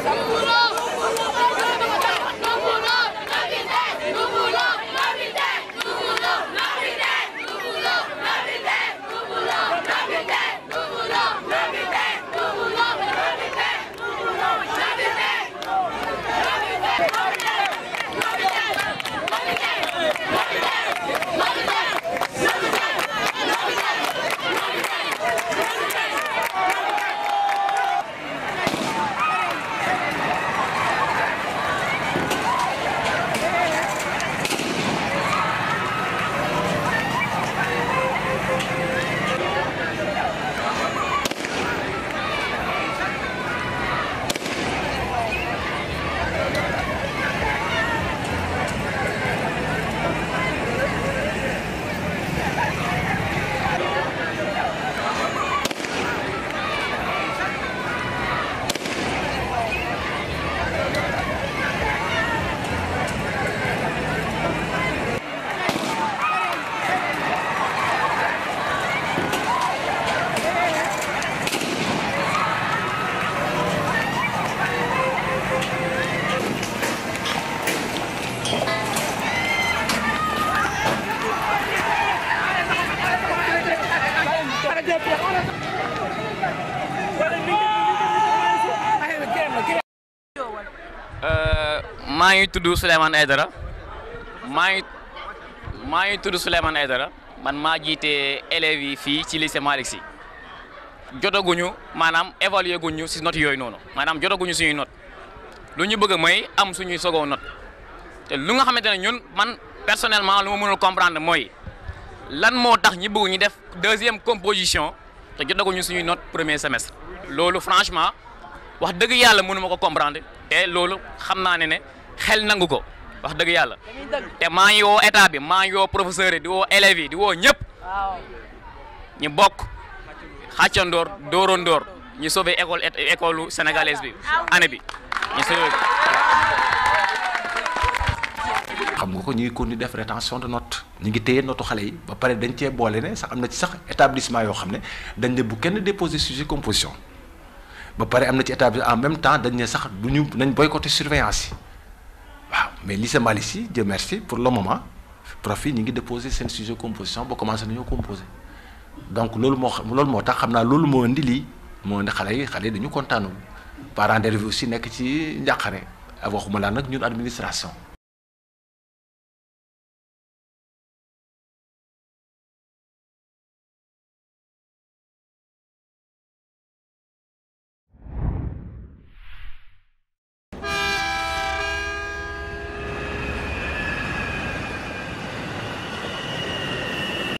Sakura! maa ngi tudd Souleymane Aydara maa ngi maa ngi tudd Souleymane Aydara man maa jiite élèves yi fii ci lycée Malick Sy jotaguñu maanaam évaluer guñu si not yooyu noonu maanaam jotaguñu suñuy notes lu ñu bëgg mooy am suñuy sogoo notes te lu nga xamante ne ñun man personnellement lu ma mënul comprendre mooy lan moo tax ñi bëgg ñu def deuxième composition te jotaguñu suñuy not premier semestre loolu franchement wax dëgg yàlla mënu ma ko te loolu xam naa xel nangu ko wax dëgg yàlla te maa ngi woo état bi maa ngi woo yi di woo élèves yi di woo ñëpp ñu bokk xàccandoor dóorandoor ñi sauver école école sénégalaise bi année bi ñu sauver xam nga ko ñu ngi continuer def rétention de not ñi ngi téye notu xale yi ba pare dañ cee boole ne sax am na ci sax établissement yoo xam ne dañ ne bu kenn déposer sujet composition ba pare am na ci établissement en même temps dañ ne sax bu ñu nañ boycotter surveillance yi mais lycée Malick Sy Dieu merci pour le moment prof ñu ngi déposé seen sujet composition ba commencé nañoo composé donc loolu moo xam loolu moo tax xam naa loolu moo indi lii moo indi xale yi xale yi dañu kontaanul parents d'élèves si nekk ci njàqare waxuma laa nag ñun administration